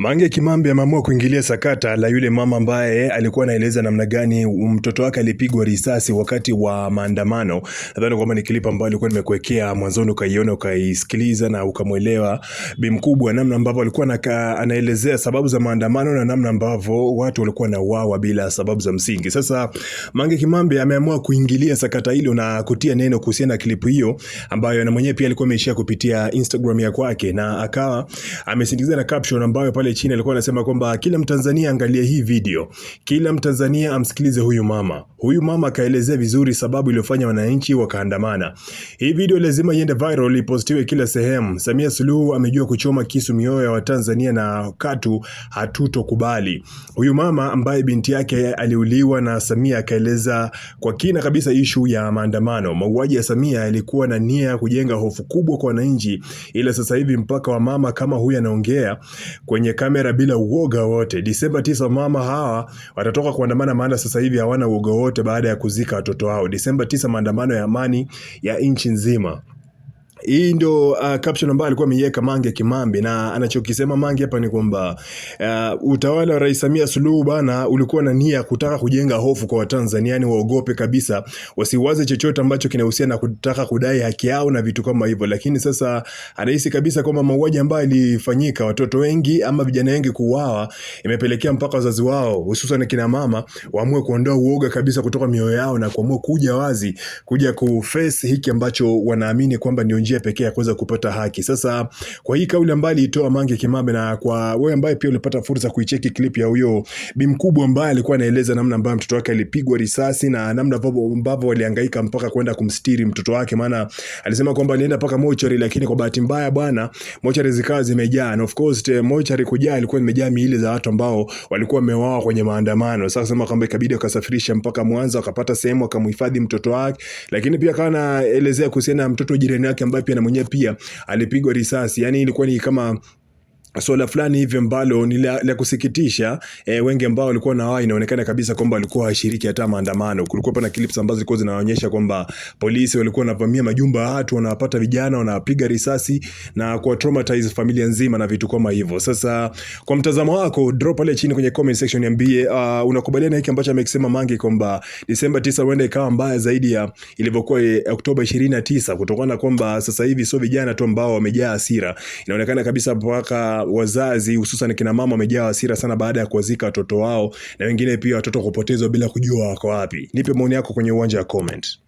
Mange Kimambi ameamua kuingilia sakata la yule mama ambaye alikuwa anaeleza namna gani mtoto wake alipigwa risasi wakati wa maandamano. Nadhani kwamba ni klipa ambayo alikuwa nimekuwekea mwanzoni, ukaiona ukaisikiliza na ukamwelewa bi mkubwa, namna ambavyo alikuwa anaelezea sababu za maandamano na namna ambavyo watu walikuwa na wawa bila sababu za msingi. Sasa Mange Kimambi ameamua kuingilia sakata hilo na kutia neno kuhusiana na klipu hiyo ambayo na mwenyewe pia alikuwa ameishia kupitia Instagram ya kwake na akawa amesindikiza na caption ambayo pale pale chini alikuwa anasema kwamba kila Mtanzania angalie hii video, kila Mtanzania amsikilize huyu mama. Huyu mama akaelezea vizuri sababu iliyofanya wananchi wakaandamana. Hii video lazima iende viral, ipostiwe kila sehemu. Samia Suluhu amejua kuchoma kisu mioyo ya Watanzania na katu hatutokubali. Huyu mama ambaye binti yake aliuliwa na Samia akaeleza kwa kina kabisa ishu ya maandamano. Mauaji ya Samia yalikuwa na nia ya kujenga hofu kubwa kwa wananchi, ila sasa hivi mpaka wa mama kama huyu anaongea kwenye kwenye kamera bila uoga wote. Disemba tisa, mama hawa watatoka kuandamana, maana sasa hivi hawana uoga wote baada ya kuzika watoto wao. Disemba tisa, maandamano ya amani ya nchi nzima. Hii ndio uh, caption ambayo alikuwa ameiweka Mange Kimambi, na anachokisema Mange hapa ni kwamba uh, utawala wa Rais Samia Suluhu bana ulikuwa na nia kutaka kujenga hofu kwa Watanzania, yani waogope kabisa, wasiwaze chochote ambacho kinahusiana na kutaka kudai haki yao na vitu kama hivyo. Lakini sasa anahisi kabisa kwamba mauaji ambayo yalifanyika, watoto wengi ama vijana wengi kuuawa, imepelekea mpaka wazazi wao hususan kina mama waamue kuondoa uoga kabisa kutoka mioyo yao na kuamua kuja wazi, kuja kuface hiki ambacho wanaamini kwamba ndio njia pekee ya kuweza kupata haki. Sasa kwa hii kauli ambayo alitoa Mange Kimambe, na kwa wewe ambaye pia ulipata fursa kuicheki clip ya huyo bi mkubwa ambaye alikuwa anaeleza namna ambayo mtoto wake alipigwa risasi na namna ambavyo walihangaika mpaka kwenda kumstiri mtoto wake, maana alisema kwamba alienda paka mochari, lakini kwa bahati mbaya bwana, mochari zikawa zimejaa, na of course mochari kujaa ilikuwa imejaa miili za watu ambao walikuwa wameuawa kwenye maandamano. Sasa sema kwamba ikabidi akasafirisha mpaka Mwanza, akapata sehemu akamhifadhi mtoto wake, lakini pia akawa anaelezea kuhusiana na mtoto jirani yake ambaye ambaye pia na mwenyewe pia alipigwa risasi. Yani ilikuwa ni kama swala fulani hivi ambalo ni la kusikitisha e, wengi ambao walikuwa na wao inaonekana kabisa kwamba walikuwa washiriki hata maandamano. Kulikuwa pana clips ambazo zilikuwa zinaonyesha kwamba polisi walikuwa wanavamia majumba ya watu, wanawapata vijana, wanawapiga risasi na kuwa traumatize familia nzima na vitu kama hivyo. Sasa kwa mtazamo wako, drop pale chini kwenye comment section niambie, uh, unakubaliana hiki ambacho amekisema Mange kwamba Desemba 9 huenda ikawa mbaya zaidi ya ilivyokuwa eh, Oktoba 29 kutokana na kwamba sasa hivi sio vijana tu ambao wamejaa hasira, inaonekana kabisa mpaka wazazi hususan kina mama wamejaa hasira sana baada ya kuwazika watoto wao na wengine pia watoto kupotezwa bila kujua wako wapi. Nipe maoni yako kwenye uwanja wa comment.